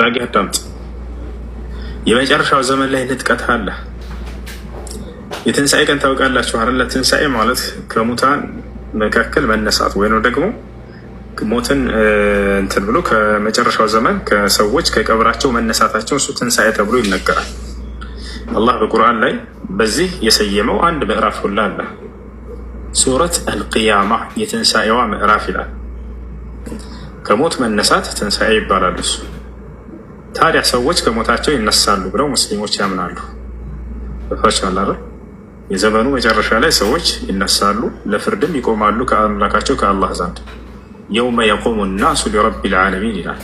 ዳጊ አዳምጥ። የመጨረሻው ዘመን ላይ ንጥቀት አለ። የትንሣኤ ቀን ታውቃላችሁ አይደለ? ትንሣኤ ማለት ከሙታን መካከል መነሳት ወይ ነው ደግሞ ሞትን እንትን ብሎ ከመጨረሻው ዘመን ከሰዎች ከቀብራቸው መነሳታቸው እሱ ትንሣኤ ተብሎ ይነገራል። አላህ በቁርአን ላይ በዚህ የሰየመው አንድ ምዕራፍ ሁላ አለ። ሱረት አልቅያማ የትንሣኤዋ ምዕራፍ ይላል። ከሞት መነሳት ትንሣኤ ይባላል እሱ ታዲያ ሰዎች ከሞታቸው ይነሳሉ ብለው ሙስሊሞች ያምናሉ። ፋሻላ የዘመኑ መጨረሻ ላይ ሰዎች ይነሳሉ፣ ለፍርድም ይቆማሉ ከአምላካቸው ከአላህ ዘንድ የውመ የቆሙ ናሱ ሊረቢል ዓለሚን ይላል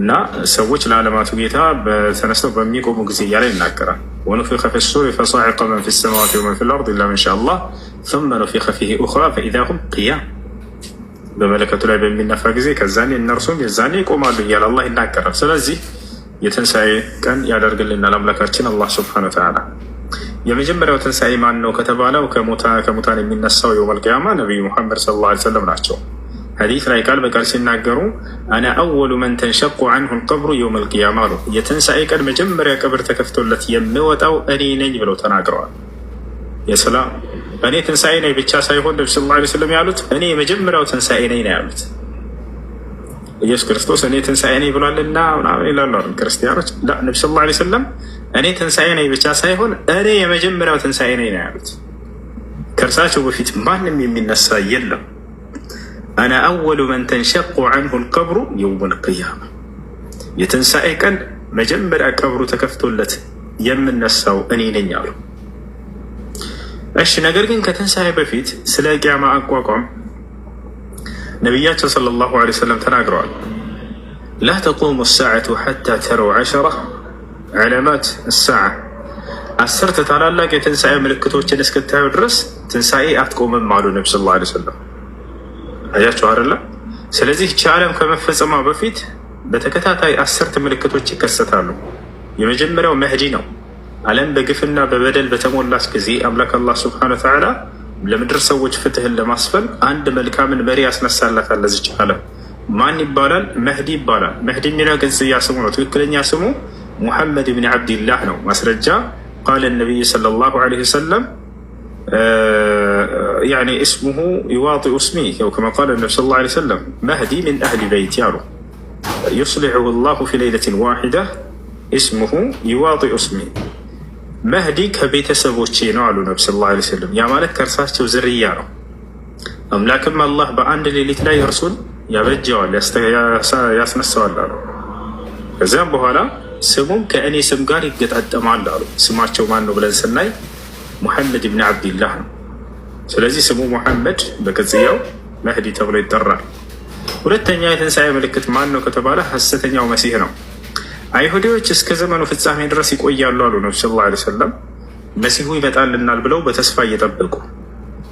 እና ሰዎች ለዓለማቱ ጌታ ተነስተው በሚቆሙ ጊዜ እያለ ይናገራል። ወኑፊኸ ፊ ሱሪ ፈሳዕቀ መን ፊ ሰማዋት ወመን ፊ ልአርድ ኢላ መን ሻ አላህ ثመ ኑፊኸ ፊሂ ኡኽራ ፈኢዛ ሁም ቅያም በመለከቱ ላይ በሚነፋ ጊዜ ከዛኔ እነርሱም የዛኔ ይቆማሉ እያለ አላህ ይናገራል። ስለዚህ የትንሣኤ ቀን ያደርግልናል አምላካችን አላህ ስብሐነ ወተዓላ። የመጀመሪያው ትንሣኤ ማን ነው ከተባለው ከሙታን የሚነሳው የውመል ቂያማ ነቢዩ ሙሐመድ ሰለላሁ ዓለይሂ ወሰለም ናቸው። ሐዲስ ላይ ቃል በቃል ሲናገሩ አነ አወሉ መን ተንሸቁ አንሁ ልቀብሩ የውመል ቂያማ አሉ። የትንሣኤ ቀን መጀመሪያ ቀብር ተከፍቶለት የሚወጣው እኔ ነኝ ብለው ተናግረዋል። የሰላም እኔ ትንሣኤ ነኝ ብቻ ሳይሆን ነቢ ስለ ላ ስለም ያሉት እኔ የመጀመሪያው ትንሣኤ ነኝ ነው ያሉት። ኢየሱስ ክርስቶስ እኔ ትንሣኤ ነኝ ብሏልና ምናምን ይላሉ ክርስቲያኖች። ነቢ ስለ ላ ስለም እኔ ትንሣኤ ነኝ ብቻ ሳይሆን እኔ የመጀመሪያው ትንሣኤ ነኝ ነው ያሉት። ከእርሳቸው በፊት ማንም የሚነሳ የለም። አነ አወሉ መን ተንሸቁ አንሁ ልቀብሩ የውመል ቅያማ የትንሣኤ ቀን መጀመሪያ ቀብሩ ተከፍቶለት የምነሳው እኔ ነኝ አሉ። እሺ ነገር ግን ከትንሳኤ በፊት ስለ ቅያማ አቋቋም ነቢያቸው ሰለላሁ ዐለይሂ ወሰለም ተናግረዋል። ላ ተቁሙ ሰዓቱ ሐታ ተረው ዐሸራ ዕለማት ሰዓ አስርት ታላላቅ የትንሳኤ ምልክቶችን እስክታዩ ድረስ ትንሳኤ አትቆምም አሉ ነቢ ሰለላሁ ዐለይሂ ወሰለም። አያቸው አይደለም። ስለዚህ ይህች ዓለም ከመፈጸሟ በፊት በተከታታይ አስርት ምልክቶች ይከሰታሉ። የመጀመሪያው መህዲ ነው። ዓለም በግፍና በበደል በተሞላች ጊዜ አምላክ አላህ ስብሐነ ወተዓላ ለምድር ሰዎች ፍትህን ለማስፈን አንድ መልካምን መሪ ያስነሳላታል። ለዚች ዓለም ማን ይባላል? መህዲ ይባላል። መህዲ የሚለው ገንጽያ ስሙ ነው። ትክክለኛ ስሙ ሙሐመድ ብን ዓብድላህ ነው። ማስረጃ ቃለ ነቢይ ሰለላሁ ዐለይሂ ወሰለም يعني اسمه يواطئ اسمي أو كما قال النبي صلى الله عليه وسلم مهدي من أهل بيتي يعني يصلحه الله في ليلة واحدة اسمه يواطئ اسمي መህዲ ከቤተሰቦቼ ነው አሉ ነብ ስለ ላ ስለም። ያ ማለት ከእርሳቸው ዝርያ ነው። አምላክም አላህ በአንድ ሌሊት ላይ እርሱን ያበጀዋል፣ ያስነሳዋል አሉ። ከዚያም በኋላ ስሙም ከእኔ ስም ጋር ይገጣጠማል አሉ። ስማቸው ማን ነው ብለን ስናይ ሙሐመድ ብን አብድላህ ነው። ስለዚህ ስሙ ሙሐመድ በቅጽያው መህዲ ተብሎ ይጠራል። ሁለተኛ የትንሣኤ ምልክት ማን ነው ከተባለ ሐሰተኛው መሲህ ነው። አይሁዲዎች እስከ ዘመኑ ፍጻሜ ድረስ ይቆያሉ አሉ ነቢ ስ ላ ሰለም መሲሁ ይመጣልናል ብለው በተስፋ እየጠበቁ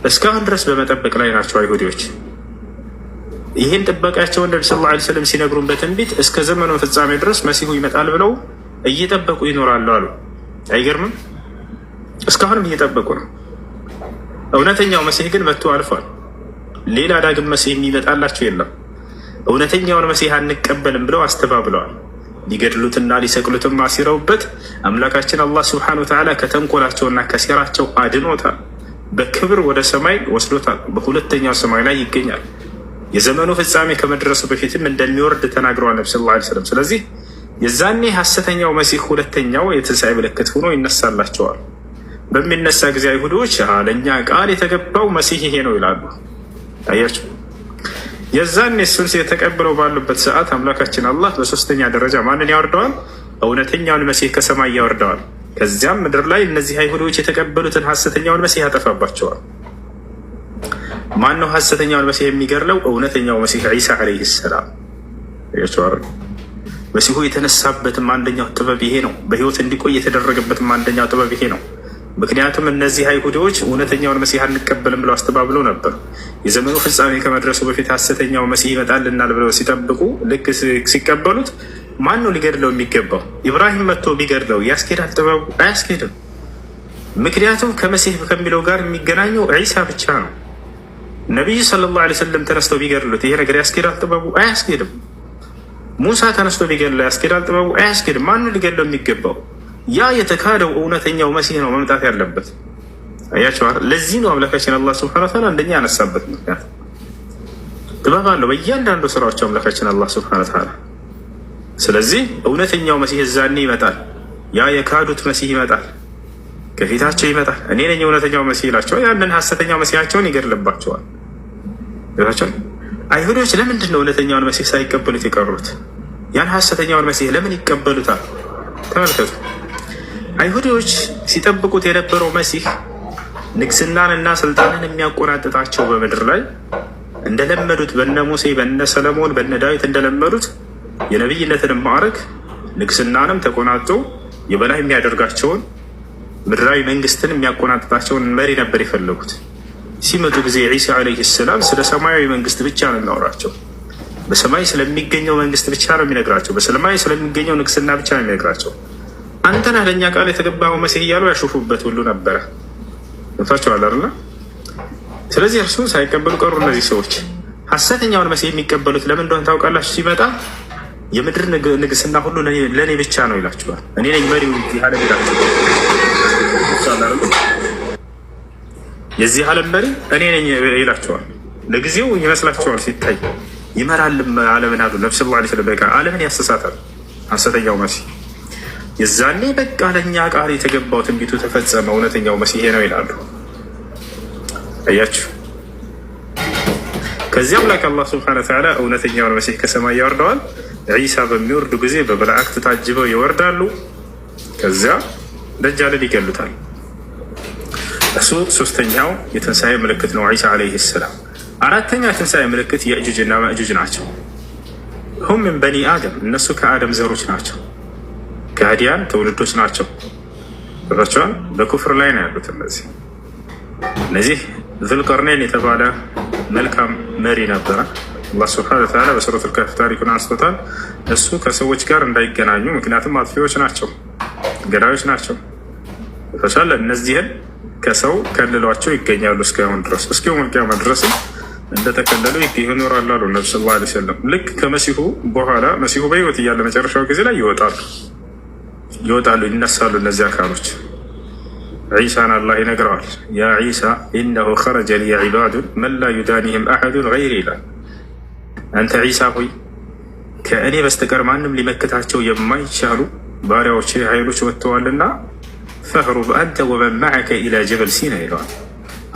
እስካሁን ድረስ በመጠበቅ ላይ ናቸው አይሁዲዎች። ይህን ጥበቃቸውን ነቢ ስ ላ ሰለም ሲነግሩን በትንቢት እስከ ዘመኑ ፍጻሜ ድረስ መሲሁ ይመጣል ብለው እየጠበቁ ይኖራሉ አሉ። አይገርምም? እስካሁንም እየጠበቁ ነው። እውነተኛው መሲህ ግን መጥቶ አልፏል። ሌላ ዳግም መሲህ የሚመጣላቸው የለም። እውነተኛውን መሲህ አንቀበልም ብለው አስተባብለዋል። ሊገድሉትና ሊሰቅሉትም አሲረውበት አምላካችን አላህ ስብሐነሁ ወተዓላ ከተንኮላቸውና ከሴራቸው አድኖታል። በክብር ወደ ሰማይ ወስዶታል። በሁለተኛው ሰማይ ላይ ይገኛል። የዘመኑ ፍጻሜ ከመድረሱ በፊትም እንደሚወርድ ተናግረዋል ነቢ ሰለላሁ ዐለይሂ ስለዚህ የዛኔ ሐሰተኛው መሲህ ሁለተኛው የትንሣኤ ምልክት ሆኖ ይነሳላቸዋል። በሚነሳ ጊዜ አይሁዶች ለእኛ ቃል የተገባው መሲህ ይሄ ነው ይላሉ። አያቸው የዛን የሱን የተቀብለው ባሉበት ሰዓት አምላካችን አላህ በሶስተኛ ደረጃ ማንን ያወርደዋል? እውነተኛውን መሲህ ከሰማይ ያወርደዋል። ከዚያም ምድር ላይ እነዚህ አይሁዶች የተቀበሉትን ሀሰተኛውን መሲህ ያጠፋባቸዋል። ማነው ሀሰተኛውን መሲህ የሚገድለው? እውነተኛው መሲህ ዒሳ ዓለይሂ ሰላም መሲሁ የተነሳበትም አንደኛው ጥበብ ይሄ ነው። በህይወት እንዲቆይ የተደረገበትም አንደኛው ጥበብ ይሄ ነው። ምክንያቱም እነዚህ አይሁዶች እውነተኛውን መሲህ አንቀበልም ብለው አስተባብለው ነበር። የዘመኑ ፍጻሜ ከመድረሱ በፊት ሐሰተኛው መሲህ ይመጣልናል ብለው ሲጠብቁ ልክ ሲቀበሉት ማን ነው ሊገድለው የሚገባው? ኢብራሂም መጥቶ ቢገድለው ያስኬዳል? ጥበቡ አያስኬድም። ምክንያቱም ከመሲህ ከሚለው ጋር የሚገናኘው ዒሳ ብቻ ነው። ነቢዩ ሰለላሁ ዓለይሂ ወሰለም ተነስተው ቢገድሉት ይሄ ነገር ያስኬዳል? ጥበቡ አያስኬድም። ሙሳ ተነስቶ ቢገድለው ያስኬዳል? ጥበቡ አያስኬድም። ማን ነው ሊገድለው የሚገባው? ያ የተካደው እውነተኛው መሲህ ነው መምጣት ያለበት። አያቸዋል። ለዚህ ነው አምላካችን አላህ ስብሐነ ወተዓላ አንደኛ ያነሳበት ምክንያት ጥበብ አለው በእያንዳንዱ ስራዎች አምላካችን አላህ ስብሐነ ወተዓላ። ስለዚህ እውነተኛው መሲህ እዛኔ ይመጣል። ያ የካዱት መሲህ ይመጣል፣ ከፊታቸው ይመጣል። እኔ ነኝ እውነተኛው መሲህ ይላቸዋል። ያንን ሀሰተኛው መሲሃቸውን ይገድልባቸዋል። አይሁዶች ለምንድን ነው እውነተኛውን መሲህ ሳይቀበሉት የቀሩት? ያን ሀሰተኛውን መሲህ ለምን ይቀበሉታል? ተመልከቱ። አይሁዶች ሲጠብቁት የነበረው መሲህ ንግስናንና ስልጣንን የሚያቆናጥጣቸው በምድር ላይ እንደለመዱት በነ ሙሴ በነ ሰለሞን በነ ዳዊት እንደለመዱት የነቢይነትን ማዕረግ ንግስናንም ተቆናጦ የበላይ የሚያደርጋቸውን ምድራዊ መንግስትን የሚያቆናጥጣቸውን መሪ ነበር የፈለጉት። ሲመጡ ጊዜ ዒሳ ዓለይሂ ሰላም ስለ ሰማያዊ መንግስት ብቻ ነው የሚያወራቸው። በሰማይ ስለሚገኘው መንግስት ብቻ ነው የሚነግራቸው። በሰማይ ስለሚገኘው ንግስና ብቻ ነው የሚነግራቸው። አንተና ለእኛ ቃል የተገባው መሲህ እያሉ ያሹፉበት ሁሉ ነበረ። ገብቷቸዋል አይደለ? ስለዚህ እርሱ ሳይቀበሉ ቀሩ። እነዚህ ሰዎች ሀሰተኛውን መሲህ የሚቀበሉት ለምን እንደሆነ ታውቃላችሁ? ሲመጣ የምድር ንግስና ሁሉ ለእኔ ብቻ ነው ይላችኋል። እኔ ነኝ መሪው ዓለም የዚህ ዓለም መሪ እኔ ነኝ ይላችኋል። ለጊዜው ይመስላችኋል፣ ሲታይ ይመራል ዓለምን አሉ ነብስ ላ ዓለምን ያስተሳታል ሐሰተኛው መሲህ የዛኔ በቃ ለእኛ ቃል የተገባው ትንቢቱ ተፈጸመ፣ እውነተኛው መሲሄ ነው ይላሉ። አያችሁ። ከዚህ አምላክ አላህ ስብሐነሁ ወተዓላ እውነተኛውን መሲህ ከሰማይ ያወርደዋል። ዒሳ በሚወርዱ ጊዜ በመላእክት ታጅበው ይወርዳሉ። ከዚያ ደጃልን ይገሉታል። እሱ ሶስተኛው የትንሣኤ ምልክት ነው፣ ዒሳ ዓለይሂ ሰላም። አራተኛ የትንሣኤ ምልክት የእጁጅና መእጁጅ ናቸው። ሁም ምን በኒ አደም፣ እነሱ ከአደም ዘሮች ናቸው። ጋዲያን ትውልዶች ናቸው። ቸዋል በኩፍር ላይ ነው ያሉት። እነዚህ እነዚህ ዙልቀርነይን የተባለ መልካም መሪ ነበረ። አላህ ስብሐነ ወተዓላ በሱረቱል ልካፍ ታሪኩን አንስቶታል። እሱ ከሰዎች ጋር እንዳይገናኙ፣ ምክንያቱም አጥፊዎች ናቸው፣ ገዳዮች ናቸው። ተቻለ እነዚህን ከሰው ከልሏቸው ይገኛሉ እስካሁን ድረስ እስኪሆን ቅያማ ድረስ እንደተከለሉ ይኖራሉ አሉ ነቢ ስ ላ ሰለም ልክ ከመሲሁ በኋላ መሲሁ በህይወት እያለ መጨረሻው ጊዜ ላይ ይወጣሉ። ይወጣሉ፣ ይነሳሉ። እነዚህ አካሎች ዒሳን አላህ ይነግረዋል። ያ ዒሳ ኢነሁ ኸረጀ ሊየ ዒባዱን መላ ዩዳኒህም አሐዱን ገይሪ ይላል። አንተ ዒሳ ሆይ ከእኔ በስተቀር ማንም ሊመክታቸው የማይቻሉ ባሪያዎች ኃይሎች ወጥተዋልና ፈህሩብ አንተ ወመን ማዕከ ኢላ ጀበል ሲና ይለዋል።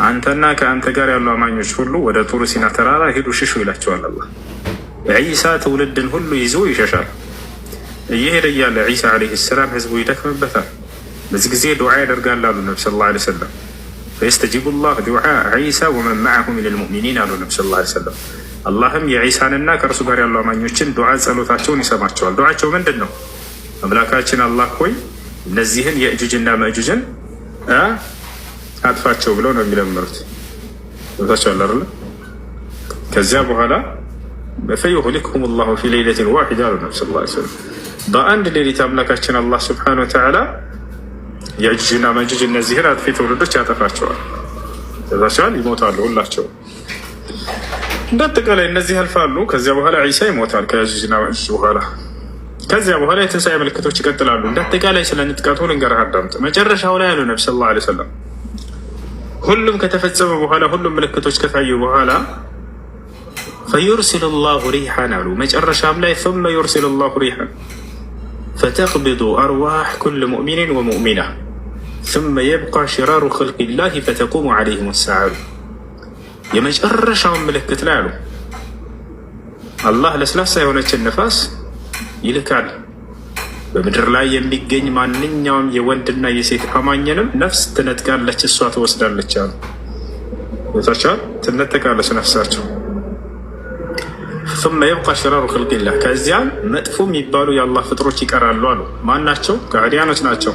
አንተና ከአንተ ጋር ያሉ አማኞች ሁሉ ወደ ጡር ሲና ተራራ ሂዱ፣ ሽሹ ይላቸዋል። አላህ ዒሳ ትውልድን ሁሉ ይዞ ይሸሻል። እየሄደ እያለ ዒሳ ዓለይሂ ሰላም ህዝቡ ይደክምበታል። በዚህ ጊዜ ዱዓ ያደርጋል አሉ ነቢ ሰለላሁ ዓለይሂ ወሰለም። ፈየስተጂቡ ላህ ዱዓ ዒሳ ወመን ማዕሁ ሚነል ሙእሚኒን አሉ ነቢ ሰለላሁ ዓለይሂ ወሰለም። አላህም የዒሳንና ከእርሱ ጋር ያሉ አማኞችን ዱዓ ጸሎታቸውን ይሰማቸዋል። ዱዓቸው ምንድን ነው? አምላካችን አላህ ሆይ እነዚህን የእጁጅና መእጁጅን አጥፋቸው ብለው ነው የሚለምሩት። ታቸዋል አለ ከዚያ በኋላ ፈዩህሊክሁም ላሁ ፊ ሌይለትን ዋሒዳ አሉ ነቢ ሰለላሁ ዓለይሂ ወሰለም በአንድ ሌሊት አምላካችን አላህ ስብሐነ ወተዓላ የእጅና መጅጅ እነዚህን አጥፊ ትውልዶች ያጠፋቸዋል። ዛቸዋል ይሞታሉ ሁላቸው እንደ እነዚህ ያልፋሉ። ከዚያ በኋላ ዒሳ ይሞታል ከእጅና መጅጅ በኋላ። ከዚያ በኋላ የትንሳኤ ምልክቶች ይቀጥላሉ። እንዳጠቃላይ አጠቃላይ ስለ ንጥቃቱ ልንገርህ አዳምጥ። መጨረሻው ላይ ያሉ ነቢ ሰለላሁ ዐለይሂ ሁሉም ከተፈጸመ በኋላ ሁሉም ምልክቶች ከታዩ በኋላ ፈዩርሲሉ ላሁ ሪሐን አሉ። መጨረሻም ላይ ፈመ ዩርሲሉ ላሁ ሪሐን ፈተቅብዱ አርዋሕ ኩል ሙእሚኒን ወሙእሚና ثመ የብቃ ሽራሩ ኸልቂላህ ፈተቁሙ ዓለይሂም ሰዓሩ። የመጨረሻውን ምልክት ላይ አሉ አላህ ለስላሳ የሆነችን ነፋስ ይልካል። በምድር ላይ የሚገኝ ማንኛውም የወንድና የሴት አማኝንም ነፍስ ትነጥቃለች፣ እሷ ትወስዳለች አሉ። ቦታቸዋል ትነጠቃለች ነፍሳቸው ሱመ የብቃ ሽረሩ ክልቅላህ ከዚያ መጥፎ የሚባሉ የአላህ ፍጥሮች ይቀራሉ አሉ። ማናቸው? ከዕዲያኖች ናቸው።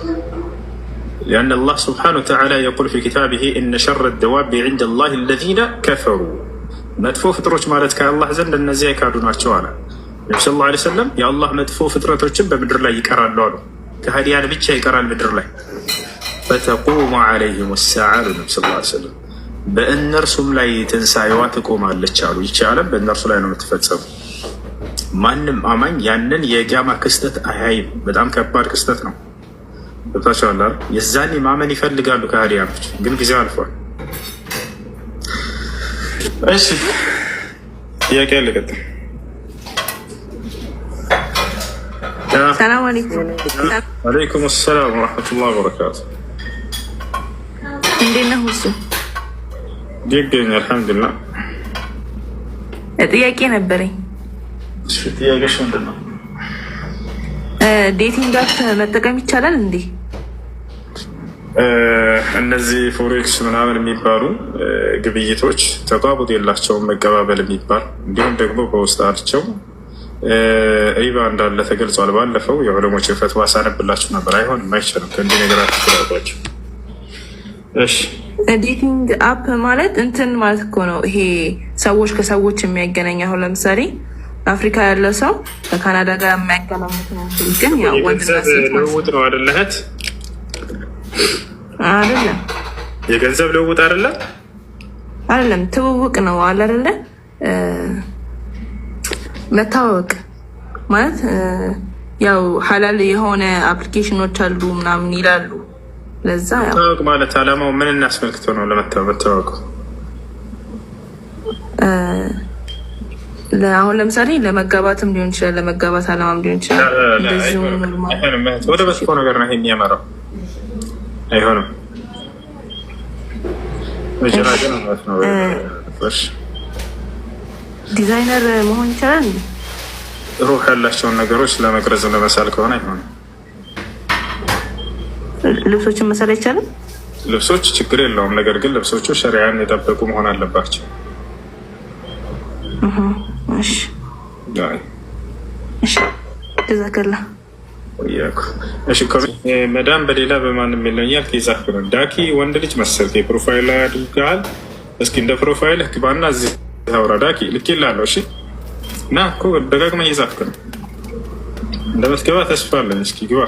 ሊአን አላህ ስብሓነሁ ወተዓላ የቁል ፊ ኪታቢሂ እነ ሸረ ደዋቢ ዒንደ አላህ አለዚነ ከፈሩ መጥፎ ፍጥሮች ማለት ከአላህ ዘንድ እነዚያ የካዱ ናቸው አለ ነቢ ስለ ላ ሰለም። የአላህ መጥፎ ፍጥረቶችን በምድር ላይ ይቀራሉ አሉ። ከሀዲያን ብቻ ይቀራል ምድር ላይ። ፈተቁሙ ዓለይሂም ሰዓሉ ነቢ ስለ ላ ሰለም በእነርሱም ላይ ትንሣኤዋ ትቆማለች አሉ። ይቻለም በእነርሱ ላይ ነው የምትፈጸሙ። ማንም አማኝ ያንን የቂያማ ክስተት አያይም። በጣም ከባድ ክስተት ነው። ገብታችኋል? የዛን ማመን ይፈልጋሉ ከሃዲያኖች፣ ግን ጊዜ አልፏል። እሺ ጥያቄ አለ። ሰላም አለይኩም ሰላም ወረሕመቱላህ በረካቱ እንዴት ነህ? ይገኝ አልሐምዱላ። ጥያቄ ነበረኝ። ጥያቄሽ ምንድን ነው? ዴቲንግ አፕ መጠቀም ይቻላል እንዴ? እነዚህ ፎሬክስ ምናምን የሚባሉ ግብይቶች ተቋቡጥ የላቸውን መቀባበል የሚባል እንዲሁም ደግሞ በውስጣቸው ሪባ እንዳለ ተገልጿል። ባለፈው የዑለሞች ፈትዋ ሳነብላችሁ ነበር። አይሆንም፣ አይቻልም። ከእንዲህ ነገራት ትችላላቸው። እሺ ዴቲንግ አፕ ማለት እንትን ማለት እኮ ነው። ይሄ ሰዎች ከሰዎች የሚያገናኝ አሁን ለምሳሌ አፍሪካ ያለ ሰው ከካናዳ ጋር የሚያገናኙት ነው። ግን ያው ልውውጥ ነው አደለህት የገንዘብ ልውውጥ አደለም? አደለም፣ ትውውቅ ነው አለ አደለ? መታወቅ ማለት ያው ሀላል የሆነ አፕሊኬሽኖች አሉ ምናምን ይላሉ ለዛ ታወቅ ማለት አላማው ምን እናስመልክቶ ነው? ለመታወቁ አሁን ለምሳሌ ለመጋባትም ሊሆን ይችላል፣ ለመጋባት አላማም ሊሆን ይችላል። ወደ ነገር ነው ይሄ የሚያመራው። አይሆንም። ዲዛይነር መሆን ይቻላል። ሩህ ያላቸውን ነገሮች ለመቅረጽ ለመሳል ከሆነ አይሆንም። ልብሶችን መሰል አይቻልም። ልብሶች ችግር የለውም። ነገር ግን ልብሶቹ ሸሪያን የጠበቁ መሆን አለባቸው። ዛከላ መዳም በሌላ በማንም የለኛል። ኬጻፍ ነው ዳኪ ወንድ ልጅ መሰል ፕሮፋይል አድርገሃል። እስኪ እንደ ፕሮፋይል ህክባና እዚህ አውራ ዳኪ ልክ ይላለሁ። እሺ እና ደጋግመህ እየጻፍክ ነው። እንደ መስገባ ተስፋ አለን። እስኪ ግባ